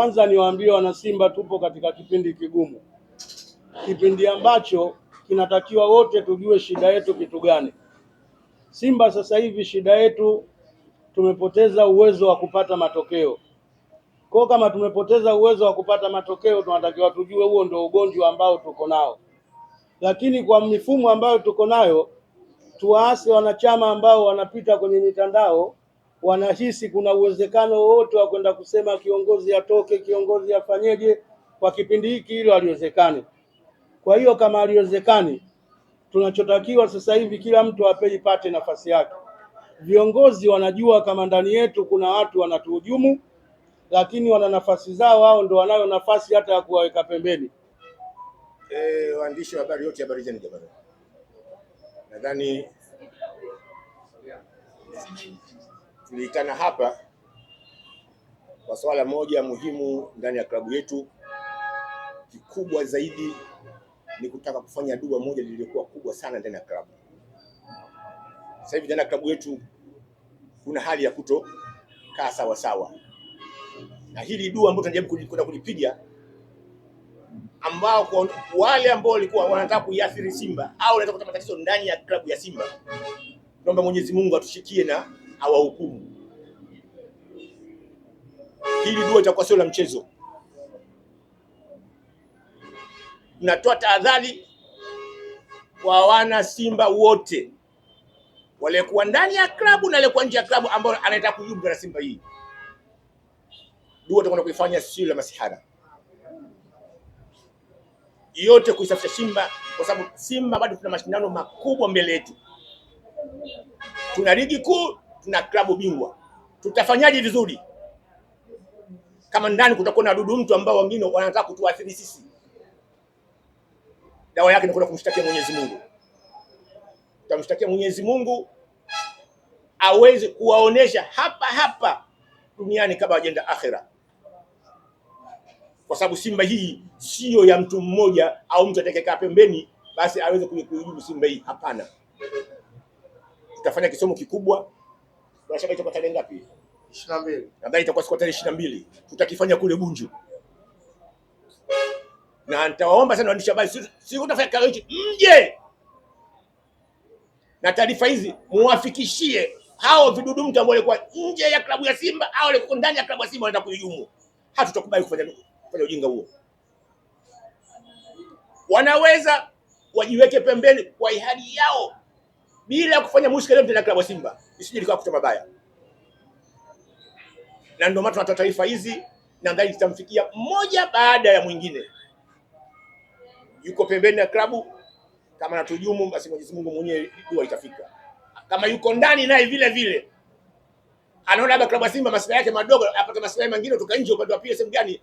Kwanza niwaambie wanasimba, tupo katika kipindi kigumu, kipindi ambacho kinatakiwa wote tujue shida yetu kitu gani. Simba sasa hivi shida yetu tumepoteza uwezo wa kupata matokeo. Kwa kama tumepoteza uwezo wa kupata matokeo, tunatakiwa tujue huo ndio ugonjwa ambao tuko nao, lakini kwa mifumo ambayo tuko nayo tuwaase wanachama ambao wanapita kwenye mitandao wanahisi kuna uwezekano wowote wa kwenda kusema kiongozi atoke, kiongozi afanyeje kwa kipindi hiki, hilo aliwezekani Kwa hiyo kama aliwezekani tunachotakiwa sasa hivi kila mtu apeli pate nafasi yake. Viongozi wanajua kama ndani yetu kuna watu wanatuhujumu, lakini wana nafasi zao, hao ndo wanayo nafasi hata ya kuwaweka pembeni. E, waandishi wa habari yote, habari zenu jamani, nadhani tuliitana hapa kwa swala moja muhimu ndani ya klabu yetu. Kikubwa zaidi ni kutaka kufanya dua moja lililokuwa kubwa sana ndani ya klabu. Sasa hivi ndani ya klabu yetu kuna hali ya kutokaa sawa sawa, na hili dua ambayo tunajaribu kwenda kulipiga, ambao kwa wale ambao walikuwa wanataka kuiathiri Simba au wanataka kupata matatizo ndani ya klabu ya Simba, tunaomba Mwenyezi Mungu atushikie na hawahukumu. Hili dua itakuwa sio la mchezo. Natoa tahadhari kwa wana Simba wote waliokuwa ndani ya klabu na waliokuwa nje ya klabu, ambao anataka kujiunga na Simba hii, dua tutakwenda kuifanya sio la masihara yote kuisafisha Simba kwa sababu Simba bado tuna mashindano makubwa mbele yetu. Tuna ligi kuu, tuna klabu bingwa, tutafanyaje vizuri kama ndani kutakuwa na dudu mtu ambao wengine wanataka kutuathiri sisi? Dawa yake ni kwenda kumshtakia Mwenyezi Mungu. Tutamshtakia Mwenyezi Mungu aweze kuwaonesha hapa hapa duniani kabla hajaenda akhera, kwa sababu Simba hii siyo ya mtu mmoja au mtu atakayekaa pembeni basi aweze kuihujumu Simba hii. Hapana, tutafanya kisomo kikubwa. Bila itakuwa tarehe ngapi? 22. Nadhani itakuwa siku tarehe 22. Tutakifanya kule Bunju. Na nitawaomba sana waandishi habari, si utafanya kikao hichi, mje na taarifa hizi muwafikishie hao vidudu mtu ambao walikuwa nje ya klabu ya Simba au walikuwa ndani ya klabu ya Simba wanataka kuijumu. Hatutakubali kufanya kufanya ujinga huo. Wanaweza wajiweke pembeni kwa ihadi yao bila kufanya mushkeli yote na klabu ya Simba isije likawa kutoa mabaya, na ndio maana tunatoa taarifa hizi, nadhani zitamfikia mmoja baada ya mwingine. Yuko pembeni ya klabu, kama natujumu, basi Mwenyezi Mungu mwenyewe dua itafika. Kama yuko ndani naye vile vile anaona labda klabu ya Simba maslahi yake madogo, apate maslahi mengine kutoka nje, upande wa pili sehemu gani,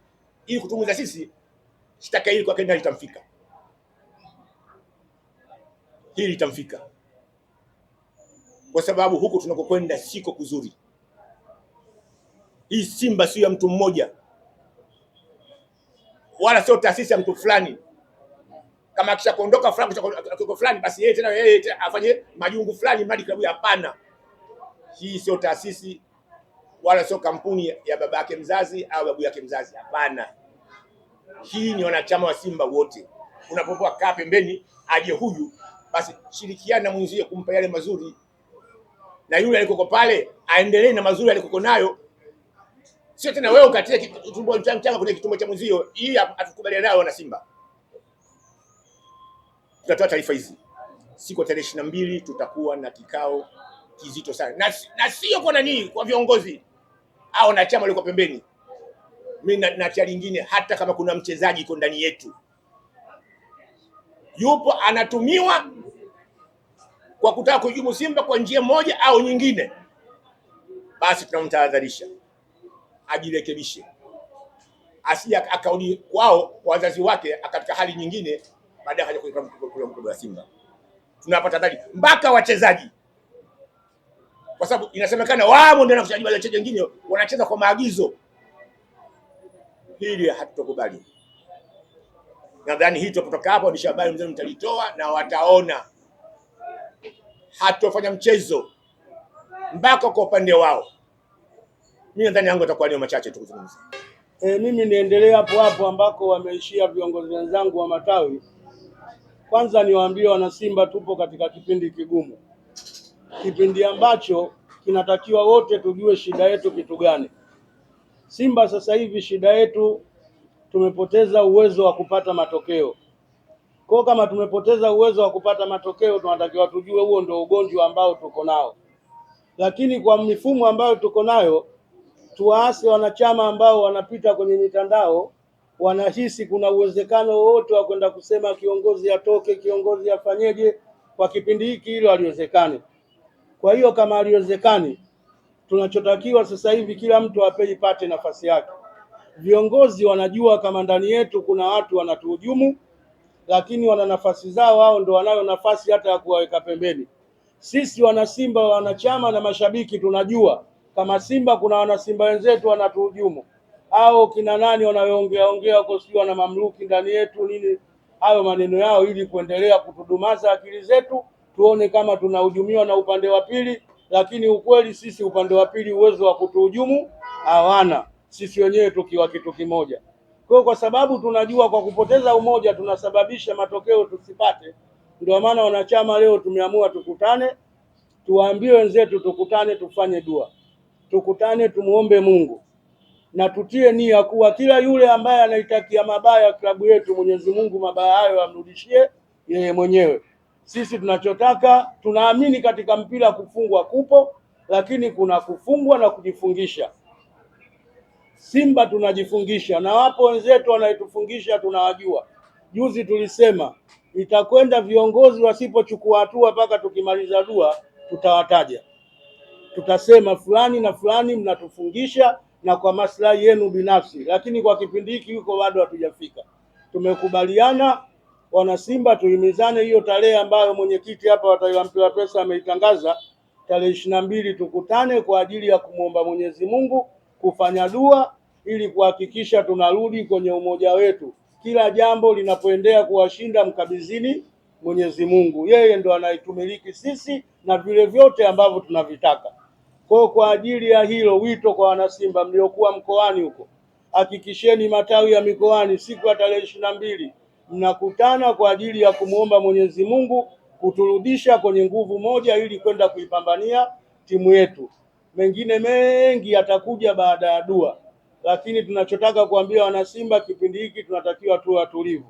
ili kutumuza sisi, shtaka hili kwa kenda litamfika, hili litamfika kwa sababu huko tunakokwenda siko kuzuri. Hii Simba sio ya mtu mmoja wala sio taasisi ya mtu fulani. Kama akishakuondoka fulani fulani, basi yeye tena yeye tena afanye majungu fulani mradi klabu. Hapana, hii sio taasisi wala sio kampuni ya baba yake mzazi au babu yake mzazi. Hapana, hii ni wanachama wa Simba wote. Unapokuwa kaa pembeni aje huyu, basi shirikiana na mwenzie kumpa yale mazuri na yule alikoko pale aendelee na mazuri alikoko nayo, sio tena wewe ukatie tumbo mchanga kwenye kitumbo cha mzio. Hii hatukubaliana nayo, wana Simba tutatoa taarifa hizi siku ya tarehe ishirini na mbili tutakuwa na kikao kizito sana na, na sio kwa nani, kwa viongozi au na chama liko pembeni. Mimi na, na chama lingine, hata kama kuna mchezaji iko ndani yetu yupo anatumiwa kwa kutaka kuhujumu Simba kwa njia moja au nyingine, basi tunamtahadharisha ajirekebishe, asije akarudi kwao wazazi wake katika hali nyingine, baadaye akaja kuwa mkubwa wa Simba. Tunapata habari mpaka wachezaji, kwa sababu inasemekana wao ndio wachezaji wengine wanacheza kwa maagizo. Hili hatutokubali. Nadhani hii kutoka hapo, habari mzee mtalitoa na wataona hatofanya mchezo mpaka kwa upande wao. Mimi nadhani yangu atakuwa leo machache tu kuzungumza. E, mimi niendelee hapo hapo ambako wameishia viongozi wenzangu wa matawi. Kwanza niwaambie wanasimba, tupo katika kipindi kigumu, kipindi ambacho kinatakiwa wote tujue shida yetu kitu gani. Simba sasa hivi shida yetu tumepoteza uwezo wa kupata matokeo. Kwa kama tumepoteza uwezo wa kupata matokeo, tunatakiwa tujue huo ndio ugonjwa ambao tuko nao, lakini kwa mifumo ambayo tuko nayo tuwaase wanachama ambao wanapita kwenye mitandao wanahisi kuna uwezekano wowote wa kwenda kusema kiongozi atoke, kiongozi afanyeje. Kwa kipindi hiki hilo aliwezekani Kwa hiyo kama aliwezekani tunachotakiwa sasa hivi kila mtu apeli pate nafasi yake. Viongozi wanajua kama ndani yetu kuna watu wanatuhujumu, lakini wana nafasi zao, wao ndo wanayo nafasi hata ya kuwaweka pembeni. Sisi wanasimba, wanachama na mashabiki, tunajua kama Simba kuna wanasimba wenzetu wanatuhujumu, au kina nani wanayoongea ongea huko, sijui wana mamluki ndani yetu nini, hayo maneno yao, ili kuendelea kutudumaza akili zetu, tuone kama tunahujumiwa na upande wa pili. Lakini ukweli sisi upande wa pili uwezo wa kutuhujumu hawana, sisi wenyewe tukiwa kitu kimoja. Kwa kwa sababu tunajua kwa kupoteza umoja tunasababisha matokeo tusipate, ndio maana wanachama leo tumeamua tukutane, tuwaambie wenzetu, tukutane tufanye dua, tukutane tumuombe Mungu na tutie nia kuwa kila yule ambaye anaitakia mabaya klabu yetu, Mwenyezi Mungu mabaya hayo amrudishie yeye mwenyewe. Sisi tunachotaka tunaamini katika mpira, kufungwa kupo, lakini kuna kufungwa na kujifungisha. Simba tunajifungisha na wapo wenzetu wanaitufungisha, tunawajua. Juzi tulisema itakwenda viongozi wasipochukua hatua mpaka tukimaliza dua, tutawataja tutasema fulani na fulani mnatufungisha na kwa maslahi yenu binafsi, lakini kwa kipindi hiki yuko bado hatujafika. Tumekubaliana wanasimba, tuhimizane hiyo tarehe ambayo mwenyekiti hapa Wataiwa Pesa ameitangaza tarehe ishirini na mbili, tukutane kwa ajili ya kumwomba Mwenyezi Mungu kufanya dua ili kuhakikisha tunarudi kwenye umoja wetu. Kila jambo linapoendea kuwashinda, mkabizini Mwenyezi Mungu, yeye ndo anaitumiliki sisi na vile vyote ambavyo tunavitaka. Kwa kwa ajili ya hilo, wito kwa wanasimba mliokuwa mkoani huko, hakikisheni matawi ya mikoani siku ya tarehe ishirini na mbili mnakutana kwa ajili ya kumwomba Mwenyezi Mungu kuturudisha kwenye nguvu moja ili kwenda kuipambania timu yetu mengine mengi yatakuja baada ya dua, lakini tunachotaka kuambia wanasimba kipindi hiki tunatakiwa tu watulivu,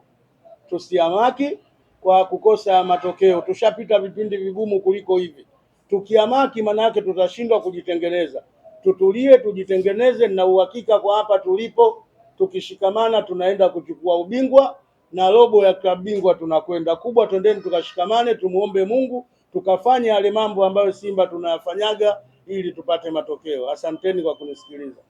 tusiamaki kwa kukosa matokeo. Tushapita vipindi vigumu kuliko hivi. Tukiamaki maana yake tutashindwa kujitengeneza. Tutulie, tujitengeneze na uhakika kwa hapa tulipo, tukishikamana tunaenda kuchukua ubingwa na robo ya klabu bingwa tunakwenda kubwa. Twendeni tukashikamane, tumuombe Mungu tukafanya yale mambo ambayo Simba tunayafanyaga ili tupate matokeo. Asanteni kwa kunisikiliza.